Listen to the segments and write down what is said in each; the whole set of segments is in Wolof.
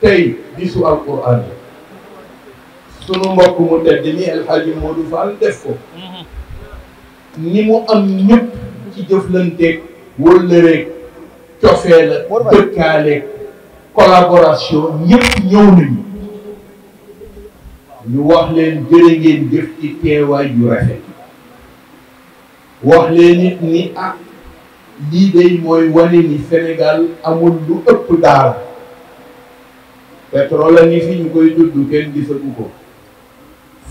tey bisu alquran sunu mbokk mu tedd ni El Hadji Modou Fall def ko ni mu am ñëpp ci jëflanteeg wëllëreeg cofee la dëkkaaleeg collaboration ñëpp ñëw nañu ñu wax leen ngeen jëf ci teewaay yu rafet wax leen nit ni ah lii day mooy wane ni Sénégal amul lu ëpp daara pétrole a ngi fi ñu koy dudd kenn gisagu ko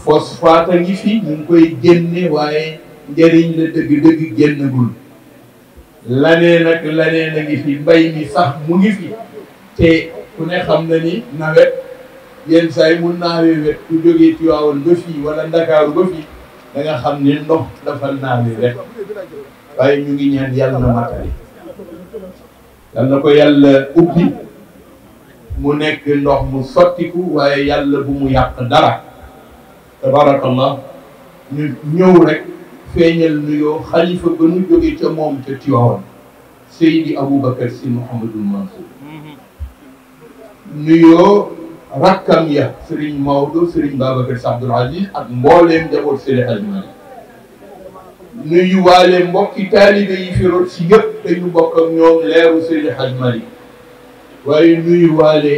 phosphate a ngi fi ñu ngi koy génne waaye njëriñ la dëgg-dëgg génnagul laneen ak laneen a ngi fi mbay mi sax mu ngi fi te ku ne xam na ni nawet yenn saa mu mun naawee wet ku jógee Tiwaawan ba fii wala Ndakaaru ba fii da xam ni ndox dafa naawi rek waaye ñu ngi ñaan yàlla na matali ko yàlla ubbi mu nekk ndox mu sottiku waaye yàlla bu mu yàq dara tabarakallah ñu ñëw rek feeñal nuyoo xalifa ba nu jóge ca moom ca Tiwaawan Seydi Aboubacar Sy Mouhamadul Mansour nuyoo rakkam ya Serigne Maodo Serigne Babacar Sy Abdoul Aziz ak mbooleem njaboot Seydi Hadji Malick nuyu waale mbokki taalibe yi fi rot si yëpp te ñu bokk ak ñoom leeru Seydi Hadji Malick waaye nuyu waale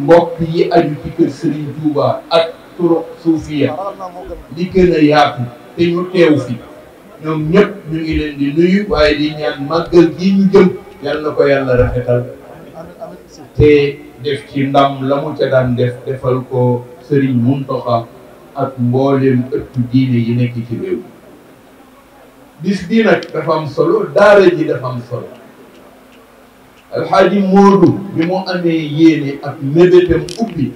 mbokk yi aju ci kër Serigne Touba ak turuq suufiya li gën a yaatu te ñu teew fi ñoom ñëpp ñu ngi leen di nuyu waaye di ñaan màggal gi ñu jëm yal ko yàlla rafetal te def ci ndam la mu ca daan def defal ko Serigne Mountakha ak mboolem ëttu diine yi nekk ci réew bis bii nag dafa am solo daara ji dafa am solo alxaaji Moodu bi mu amee yéene ak mébétam ubbi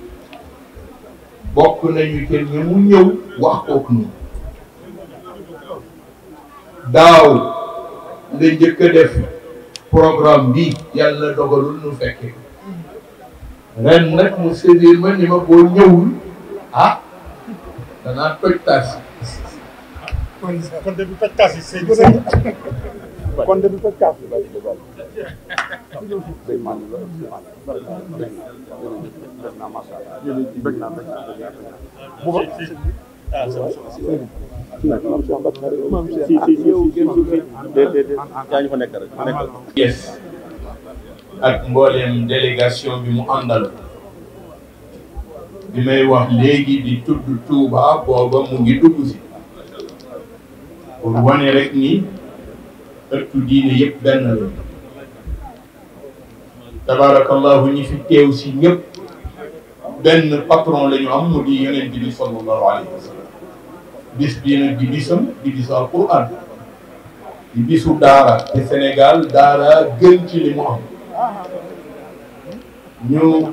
bokk nañu te ñi mu ñëw wax kook nu daaw la njëkk def programme bi yàlla dogalul nu fekkee ren nag mu séddale ma ni ma boo ñëwul ah danaa toj taas day màgg lool bëgg naa macha allah bëgg naa bëgg naa bu ba. ah c' est fa nekk rek yes ak mbooleem délégation bi mu àndal. bi may wax léegi di tudd Touba booba mu ngi dugg si. pour wane rek ni ëttu diine yëpp benn la. tabarakallahu ñi fi teew si ñep ben patron lañu am mu di yenen bi sallallahu alayhi wasallam bis bi na di bisam di bis alquran di bisu dara te senegal dara gën ci li mu am ñu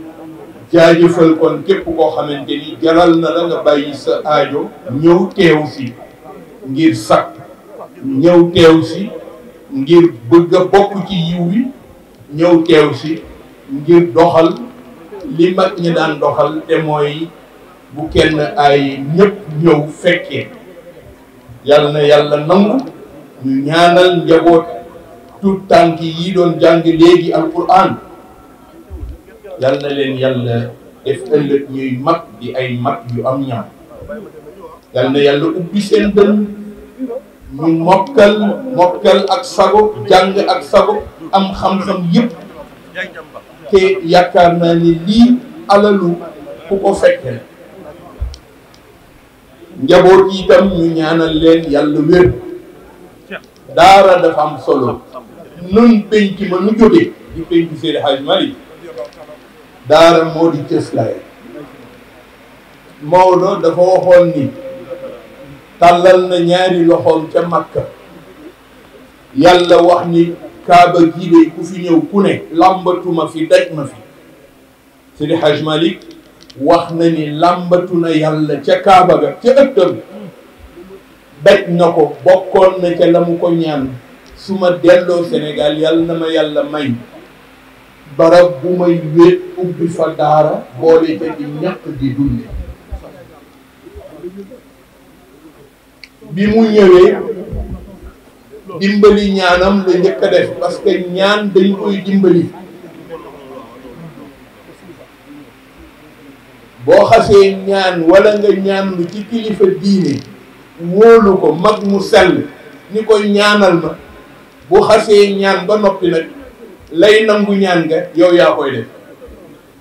jaajëfal kon képp koo xamante ni jaral na la nga bàyyi sa aajo ñëw teew si ngir sak ñëw teew si ngir bëgg a bokk ci yiw ñëw teew si ngir doxal li mag ñi daan doxal te mooy bu kenn ay ñëpp ñëw fekkee yal na yàlla nangu ñu ñaanal njaboot tout tànk yi doon jàng léegi alquran yàlla na leen yàlla def ëllëg ñuy mag di ay mag yu am ñaan yàlla na yàlla ubbi seen dënn mu mokkal mokkal ak sago jàng ak sago am xam-xam yëpp te yaakaar naa ni lii alalu ku ko fekke njaboot yi itam ñu ñaanal leen yàlla wér daara dafa am solo nun penc ma nu jógee di penc Seydi Hadji Malick daara moo di cëslaay Maodo dafa waxoon ni talalna ñaari loxoom ca makka yàlla wax ni kaaba gii de ku fi ñëw ku ne làmbatuma fi daj ma fi sidi Hajj Malik wax na ni lambatuna yàlla ca kaaba ga ca ëttam daj na ko bokkoon na ca lamu ko ñaan suma ma delloo Sénégal yàlla na ma yàlla may barab bu may wéet ubbi fa daara boole ca di ñaq di dunde bi mu ñëwee dimbali ñaanam la njëkk def parce que ñaan dañ koy dimbali boo xasee ñaan walla nga ñaan lu ci kilifa diine wóolu ko mag mu sell ni ko ñaanal ma bu xasee ñaan ba noppi nag lay nangu ñaan nga yow yaa koy def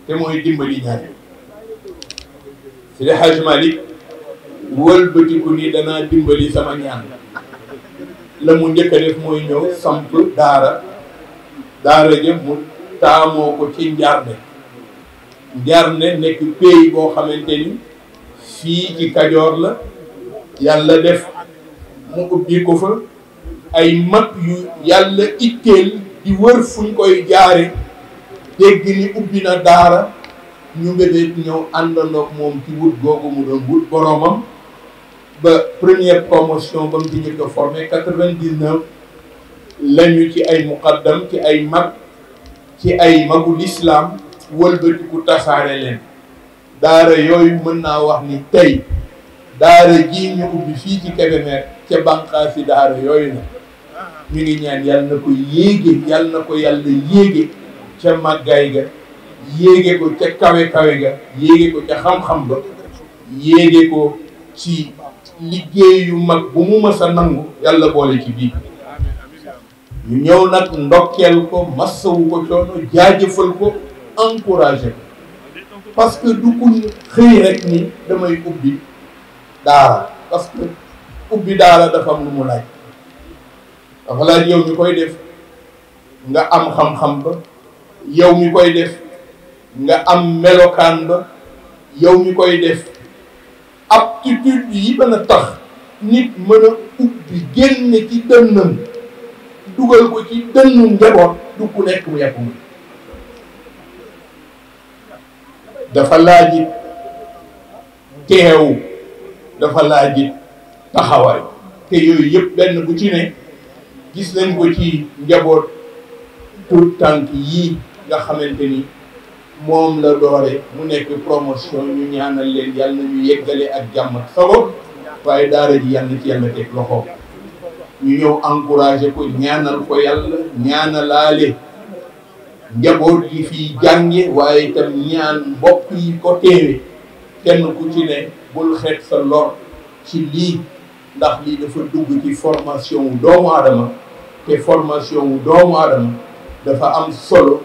te mooy dimbali ñaan Seydi Hadj Malick wol beuti ko ni dana dimbali sama ñaan la mu ñëk def moy ñew samp daara daara je mu taamo ko ci njaarde njaarde nekk pays boo xamante ni fii ci kadior la yalla def mu ubbi ko fa ay mag yu yalla itteel di wër fuñ koy jaare dégg ni ubbi na daara ñu ngi dee ñëw àndandoog moom ci wut googu mu doon wut boromam ba première promotion ba mu ci njëkk a formé quatre vingt dix lañu ci ay muqaddam ci ay mag ci ay magu lislaam wëlbatiku tasaare leen daara yooyu mën naa wax ni tey daara ji ñu ubbi fii ci Kébémer ca banqaas daara yooyu na ñu ngi ñaan yàlla na ko yéege yàlla na ko yàlla yéege ca màggaay ga yéege ko ca kawe ga yéege ko ca xam-xam ba yéege ko ci liggéey yu mag bu mu mës a nangu yàlla boole ci bii ñu ñëw nag ndokkeel ko massawu ko coono jaajëfal ko encouragé ko parce que du ku xëy rek ni damay ubbi daara parce que ubbi daala dafa am lu mu laaj dafa laaj yow mi koy def nga am xam-xam ba yow mi koy def nga am melokaan ba yow mi koy def aptitude yi mën a tax nit mën a ubbi génne ci dënnam dugal ko ci dënnu njaboot du ku nekk mu yàgg mu dafa laajit teew dafa laajit taxawaay te yooyu yëpp benn bu ci ne gis nañ ko ci njaboot pour tànk yi nga xamante ni moom la doore mu nekk promotion ñu ñaanal leen yàlla na ñu yeggale ak jàmm sabab waaye daara ji yàlla ci yàlla teg loxoom ñu ñëw encouragé ko ñaanal ko yàlla ñaanalaale njaboot yi fi jànge waaye itam ñaan mbokk yi ko teewe kenn ku ci ne bul xeet sa lor ci lii ndax lii dafa dugg ci formation wu doomu aadama te formation wu doomu aadama dafa am solo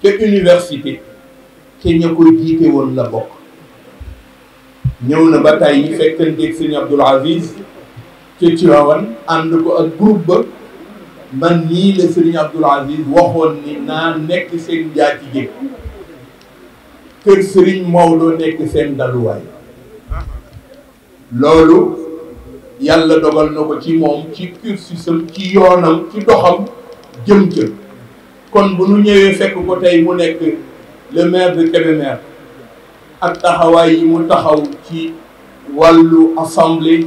te université te ña ko jiite woon la bokk ñëw na ba tàyyi yi fekkanteeg sëñ Aziz ca Tiwaawan ànd ko ak groupe ba man nii la sëñ Abdoul Aziz waxoon ni naa nekk seen njaatige kër sëriñ Maodo nekk seen daluwaay loolu yàlla dogal na ko ci moom ci cursusam ci yoonam ci doxam jëm ca kon bu nu ñëwee fekk ko tey mu nekk le maire de Kébémer ak taxawaay yi mu taxaw ci wàllu assemblée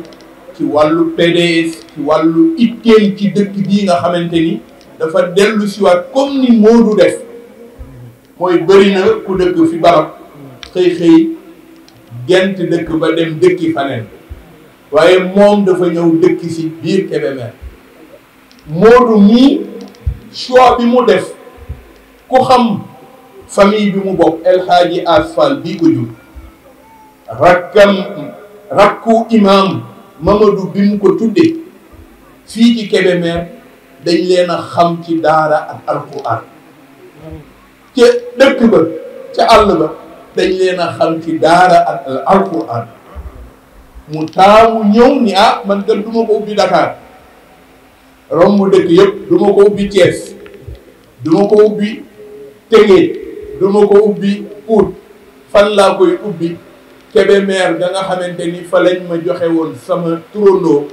ci wàllu PDS ci wàllu itteen ci dëkk bii nga xamante ni dafa dellu siwaat comme ni Modou def mooy bëri na ku dëkk fi barab xëy-xëy gent dëkk ba dem dëkki faneen waaye moom dafa ñëw dëkk ci biir Kébémer Modou mii choix bi mu def ku xam famille bi mu bokk El Hadji Asfal bii ko jur rakkam rakku imam Mamadou bi mu ko tuddee fii ci Kébémer dañ leen a xam ci daara ak alquran ca dëkk ba ca àll ba dañ leen a xam ci daara ak alquran mu taamu ñëw ni ah man kat du ko ubbi Dakar romb dëkk yëpp du ma ko ubbi Thiès du ma ko ubbi Tëngéej du ko ubbi Pout fan laa koy ubbi Kébémer da nga xamante ni fa lañ ma joxe woon sama turandoo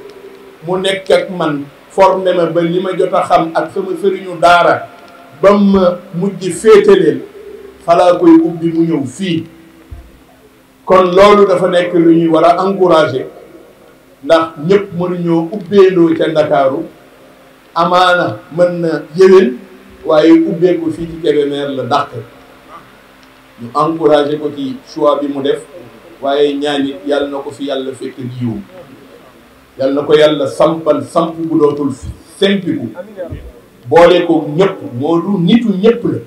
mu nekk ak man formé ma ba li ma jot a xam ak sama sëriñu daara bam ma mujj féetaleel fa laa koy ubbi mu ñëw fii kon loolu dafa nekk lu ñuy war a encourager ndax ñëpp mënuñoo ubbeendoo ca Ndakaaru amaana mën na yéwén waaye ubbeeku fii ci Kébémer la dàq ñu encouragé ko ci choix bi mu def waaye ñaan it yàlla na ko fi yàlla fekk jiw yàlla na ko yàlla sampal samp bu dootul sempiku boole ko ñëpp moo du nitu ñëpp la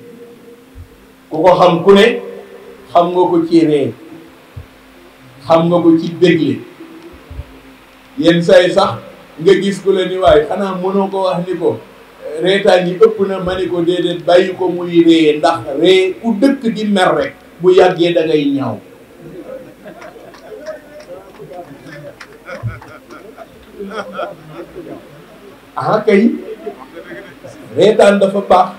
ku ko xam ku ne xam nga ko ci ree xam nga ko ci bégle yenn say sax nga gis ku la ni waaye xanaa mënoo wax ni ko reetaan yi ëpp na ma ni ko déedéet bàyyi ko muy ree ndax ree ku dëkk di mer bu yàggee da ñaw ñaaw ah kay reetaan dafa baax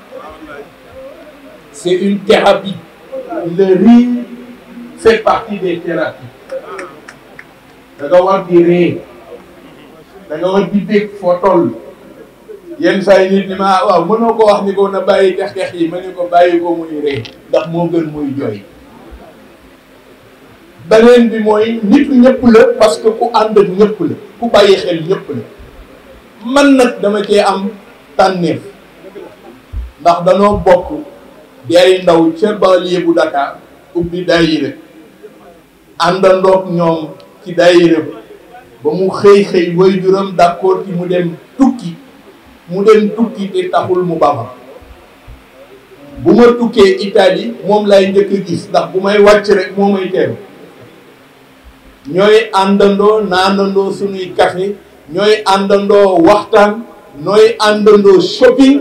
c'est une thérapie le rire fait partie des thérapies di ree da nga war di foo toll yenn saa yi nit ma ah, waaw mënoo ko wax ni ko na bàyyi dex-dex yi ma ne ko bàyyi ko muy ree ndax moo gën muy jooy beneen bi mooy nit ñëpp la parce que ku ànd ak ñëpp la ku bàyyi xel ñëpp la man nag dama cee am tànneef ndax danoo bokk di ndaw ca banlieue bu Dakar ubbi daayira àndandoog ñoom ci daayira ba mu xëy xëy waajuram d'accord ci mu dem tukki mu dem tukki te taxul mu baba bu ma tukkee Italie moom lay njëkk a gis ndax bu may wàcc rek moo may teew ñooy àndandoo naanandoo suñuy café ñooy àndandoo waxtaan ñooy àndandoo shopping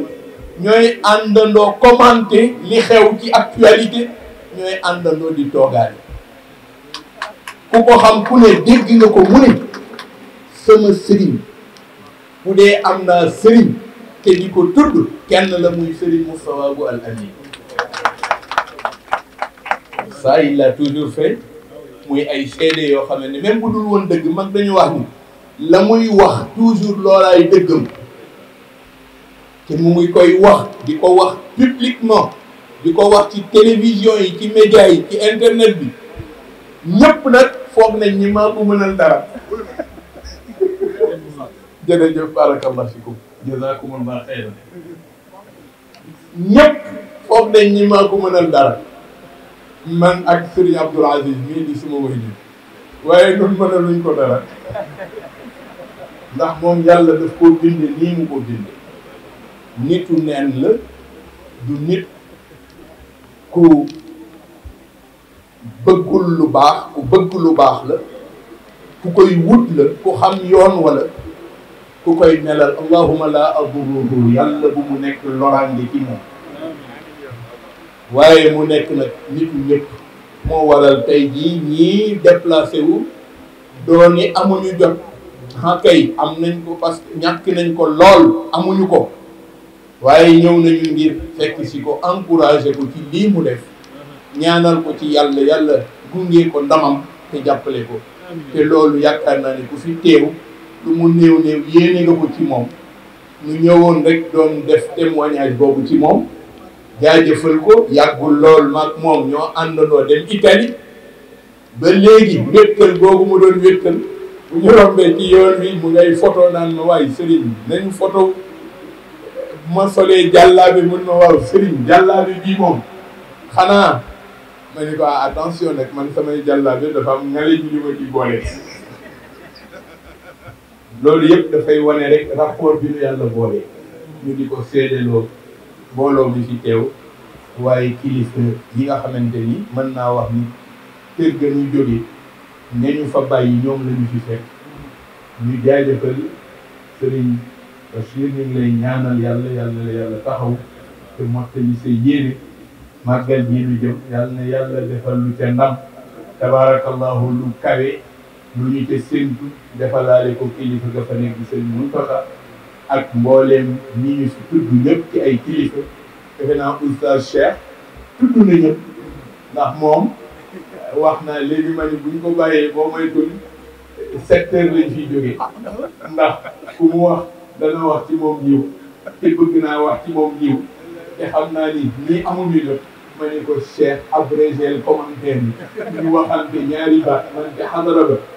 ñooy àndandoo commenter li xew ci actualité ñooy àndandoo di toogaale ku ko xam ku ne dégg nga ko mu ne sama sëriñ bu dee am na sëriñ te di ko tudd kenn la muy sëriñ Moustapha Bou Al Amine ça l'a toujours fait muy ay seede yoo xam ne même bu dul woon dëgg mag dañu wax ni la muy wax toujours loolaay dëggam te mu muy koy wax di ko wax publiquement di ko wax ci télévision yi ci média yi ci internet bi ñépp nag foog nañ ñi maa ko mënal dara jërëjëf barakallah fikum jazakumullah xayran ñëpp foog nañ ñi maa ko mënal dara man ak Serigne Abdoul Aziz mii di suma wëy nii waaye ñun mënaluñ ko dara ndax moom yàlla daf koo binde nii mu ko binde nitu neen la du nit ku bëggul lu baax ku bëgg lu baax la ku koy wut la ku xam yoon wala ku koy melal allahuma la aduruhu yàlla bu mu nekk loraange ci moom waaye mu nekk nag nit ñëpp moo waral tey jii ñii déplacé wu dooni amuñu jot xa am nañ ko parce que ñàkk nañ ko lool amuñu ko waaye ñëw nañu ngir fekk si ko encouragé ko ci lii mu def ñaanal ko ci yàlla yàlla gunge ko ndamam te jàppale ko te loolu yaakaar naa ne ku fi teew lu mu néew néew yéene nga ko ci moom ñu ñëwoon rek doon def témoignage boobu ci moom jaajëfal ko yàggul lool maag moom ñoo àndandoo dem Italie ba léegi wéttal boobu mu doon wéttal bu ñu rombee ci yoon bi mu ngay photo naan ma waaye Serigne nañu photo ma solee jàllaabe mun ma waaw Serigne jàllaabe bii moom xanaa ma ne ko ah, attention nag man samay jàllaabe dafa am ngale ñu li ci boole loolu yëpp dafay wane rek rapport bi ñu yàlla boole ñu di ko séedaloo mbooloo bi ci teew waaye kilifa yi nga xamante ni mën naa wax ni kër ga ñu jóge ne ñu fa bàyyi ñoom lañu ci fi fekk ñu jaajëfal sëriñ Bachir ñu ngi lay ñaanal yàlla yàlla la yàlla taxaw te mottali sa yéene màggal ji ñu jëm yàlla defal lu ca ndam tabaarakallahu lu kawe lu ñu te séntu defalaale ko kilifa ga fa nekk di nu Muntaxa ak mbooleem ñi ñu si tudd ñëpp ci ay kilifa defe naa oustaz Cheikh tudd na ñëpp ndax moom wax naa léegi ma ni bu ñu ko bàyyee boo moytul sept heures lañ fiy ndax ku mu wax dana wax ci moom jiw te bëgg naa wax ci moom jiw te xam naa ni nii amuñu jot ma ne ko Cheikh abrégé commentaire bi ñu waxante ñaari baat man te xadara ba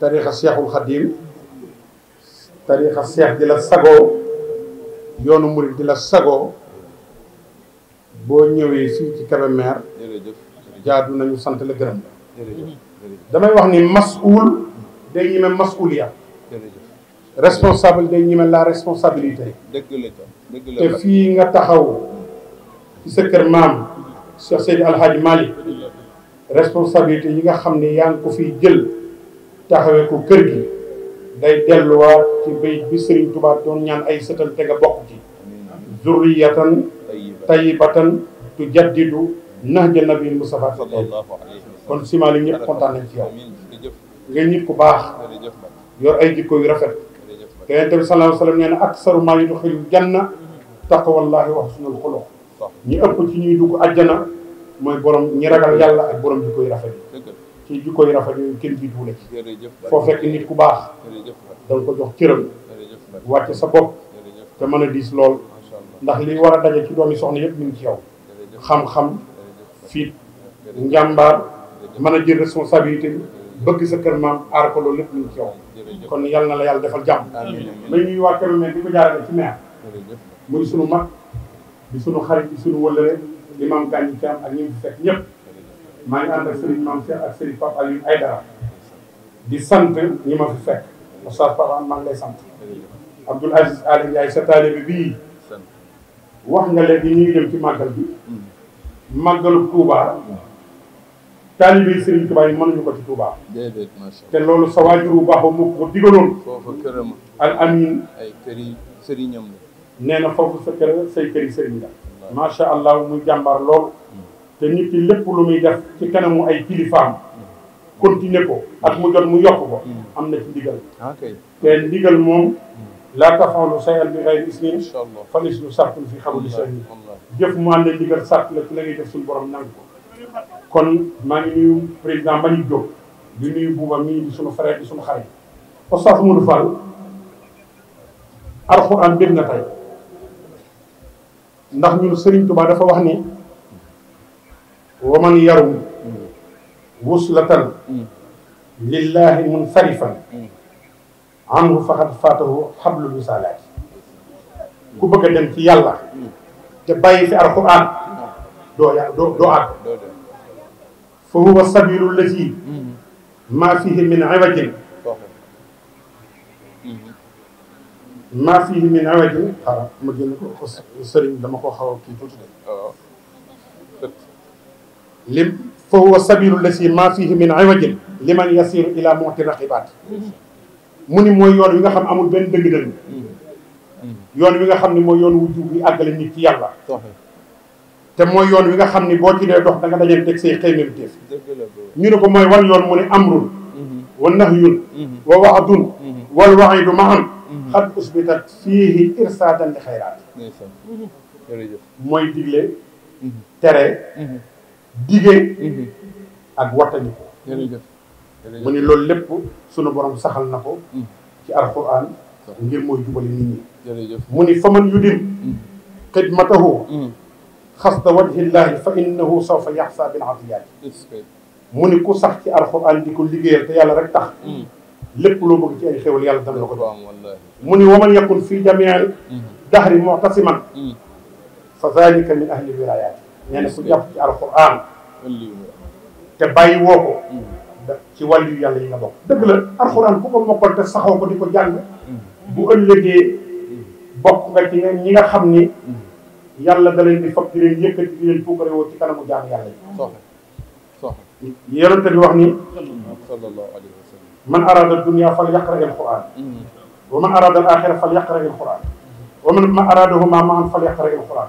تاريخ الشيخ الخديم تاريخ الشيخ ديال الساغو يونو مريد ديال الساغو بو نيوي سي تي كابا مير جادو نانيو سانت لا غرام داماي واخني مسؤول داي نيما مسؤوليا responsable داي نيما لا responsabilité دك لتا دك لتا في nga taxaw ci sa keur mam cheikh seydi alhadji malik responsabilité yi nga xamni yang ko fi jël taxawee ko kër gi day delluwaat ci béy bi Serigne Touba doon ñaan ay sëtal te nga bokk ci zurriyatan tayyibatan tujaddidu nahja nabi Mustafa kon simaali ñëpp kontaan nañ ci yow nga nit ku baax yor ay jikko yu rafet keneen tamit sallallahu alayhi wa sallam nee na aksaru maa yudxilul janna taqwallahi wa husnul xuluq ñi ëpp ci ñuy dugg àjjana mooy borom ñi ragal yàlla ak borom jikko yu rafet yi ci jikko yu rafet yooyu kenn jiituwu la ci foo fekk nit ku baax da ko jox cëram wàcc sa bopp te mën a diis lool ndax li war a daje ci doomi soxna yëpp ñu ngi ci yow xam-xam fit njàmbaar mën a jël responsabilité bi bëgg sa kër maam aar ko loolu lépp ñu ci yow kon yal na la yàlla defal jàmm la ñuy waa Kébémer di ko jaarale ci maire muy sunu mag di sunu xarit di sunu wëllëre di maam gàññi ci ak ñi fekk ñëpp maa ngi ànd ak Serigne Mame Cheikh ak Serigne Pape Alioune Aïdara di sant ñi ma fi fekk Oustaz Pape Alioune maa ngi lay sant Abdoul Aziz Ali Ndiaye sa taalibe bii wax nga leen ni ñu ngi dem ci màggal bi màggalu Touba taalibe yi Serigne Touba yi mënuñu ko ci Touba te loolu sa waajur bu baax moo ko digaloon foofu këram al amin ay këri sëriñam la nee na foofu sa kër say këri sëriñ la macha allah muy jàmbaar lool te nit ki lépp lu muy def ci kanamu ay kilifaam continuer ko ak mu jot mu yokk ko am na ci ndigal te ndigal moom laa taxawlu sayan bi xayri isnin falis lu sàrtun fi xamul sani jëf mu ànd ndigal sàrt la ci la ngay def suñu borom nangu ko kon maa ngi nuyu président Malick Diop di nuyu Bouba mii di suñu frère di suñu xarit Oustaz Modou Fall alxuraan dégg na tey ndax ñun Serigne Touba dafa wax ni ومن يروي غسلة لله منصرفا عنه فقد فاته حبل الوصالات كو بغا ديم في يالا تي في القران دو يا دو دو اد فهو السبيل الذي ما فيه من عوج ما فيه من عوج خا ما جن كو سيرين دا مكو خاو فهو سبيل الذي ما فيه من عوج لمن يسير الى موت الرقبات موني موي يون ويغا خام امول بن دغ دغ يون ويغا خام ني يون وجوب بي اغال نيت في يالا تا موي يون ويغا خام ني بو تي دوخ داغا داجي تك سي خيمم تيف ني نكو موي وان يون موني امر ونهي ووعد والوعيد معا قد اثبتت فيه ارسادا لخيرات موي ديغلي تري digee ak wattani ko mu ni loolu lépp sunu borom saxal na ko ci alquran ngir mooy jubali nit ñi mu ni faman yu dim xidmatahu xasda wajhillahi fa innahu sawfa yaxsa bil atiyaati mu ni ku sax ci alquran di ko liggéeyal te yàlla rek tax lépp loo bëgg ci ay xéwal yàlla dana la ko doon mu ni waman yakun fii jamii dahri muctasiman fa zalika min ahli wilayaati nee na ku jàpp ci alquran te bàyyi woo ko ci wàllu yàlla yi nga bokk dëgg la alquran ku ko mokkal te saxoo ko di ko jàng bu ëllëgee bokk nga ci ñi nga xam ni yàlla da leen di fab di leen yëkkati di leen puukare woo ci kanamu jaam yàlla yi soxla soxla yonente bi wax ni sallallahu alayhi wa sallam man arada dunia fal yaqra al quran wa man arada al axira fal yaqra al quran wa man aradahu ma maan fal yaqra al quran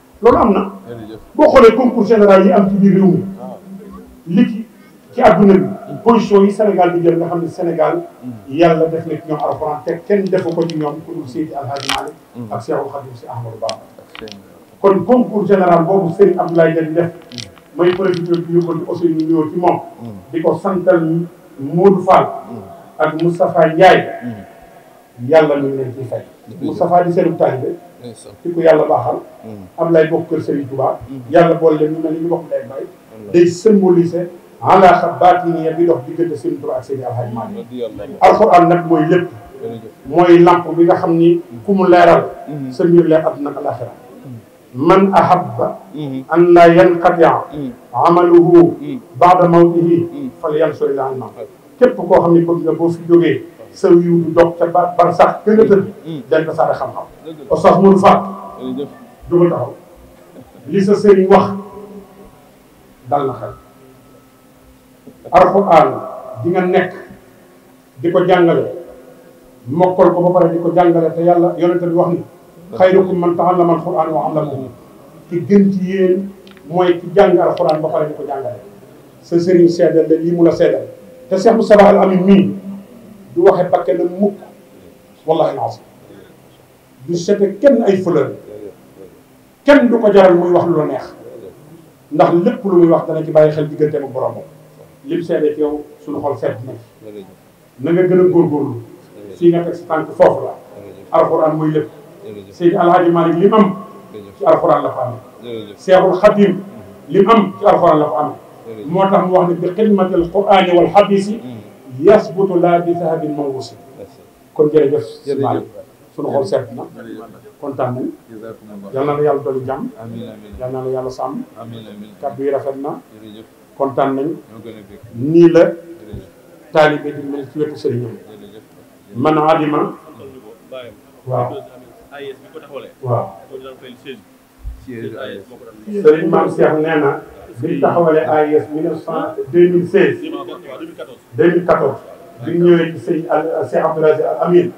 loolu am na boo xoolee concours général yi am ci biir réew mi li ci ci àdduna bi position yi Sénégal di jël nga xam ne Sénégal yàlla def na ci ñoom alxuraan te kenn defu ko ci ñoom ku dul Seydi Alhaji Malick ak Cheikhul Khadim si Ahmadou Bamba kon concours général boobu Serigne Abdoulaye Diagne def mooy profité bi ñu ko di aussi ñu nuyoo ci moom di ko santal Modou Fall ak Moustapha Ndiaye yàlla ñu leen ci fay Moustapha di seen taalibe ki ko yàlla baaxal. am lay bokk kër Serigne Touba. yàlla boole leen ñu mel ni ñu bokk lay bay. day symboliser alaaka baatiniya bi dox diggante Serigne Touba ak Serigne Alhaji Malick. alxuraan nag mooy lépp. mooy lamp bi nga xam ni ku mu leeral. sa mbir leer àdduna ak alaxira man ahabba an la yanqatia amaluhu baada mawtihi fal yansur ila almam képp koo xam ne bëgg nga boo fi jógee saw yiw du dox te ba bar sax gën a tëdd del na saare xam-xam Oustaz Modou Fall dugal taxaw li sa sëriñ wax dal na xel alxuraan di nga nekk di ko jàngale mokkal ko ba pare di ko jàngale te yàlla yonente bi wax ni xayrukum man ta'allama alxuraan wa allamahu ki gën ci yéen mooy ki jàng alxuraan ba pare di ko jàngale sa sëriñ seedal la lii mu la seedal te Cheikh Moustapha Al Amin mii du waxe pakke la mukk wallahi alazim du sete kenn ay fleur kenn du ko jaral muy wax lu la neex ndax lépp lu muy wax dana ci bàyyi xel diggante bu borom lim seede ci yow suñu xol seet na na nga gën a góorgóorlu fii nga teg sa tànk foofu la alxuraan mooy lépp Seydi Alhaji Malick li mu am ci alxuraan la fa amee Seexul Xadim li mu am ci alxuraan la fa amee moo tax mu wax ne bi xidmatil quraani wal xadiisi yasbutu laa bi sahabin mawusi kon jërëjëf si Malick sunu xol seet na kontaan nañ yal na la yàlla dolli jàmm yal na la yàlla sàmm kàddu yi rafet na kontaan nañ nii la taalibe di mel ci wetu sëriñam man adima waaw waaw sëriñ maam Cheikh nee bi ñu taxawalee AIS 2016 2014 bi ñu ñëwee ci sëñ al Cheikh Abdoul Aziz Al Amin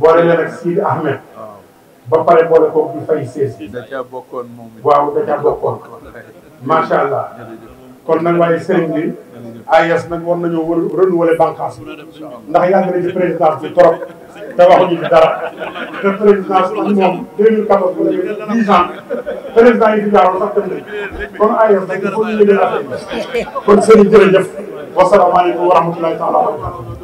boole la nag Sidi Ahmed ba pare boole ko di fay seesi. waaw da caa bokkoon macha allah kon nag waaye sëriñ bi AIS nag war nañoo renouveler bànqaas ndax yàgg na ci président bi trop. te waxuñu ci dara te président bi moom 2014 bu demee 10 ans président yi di jaaroon sax dem nañu kon ay yoon dañu ko ñu yëgee affaire yi kon sëriñ jërëjëf wasalaamaaleykum wa rahmatulahi taala wa barakatuh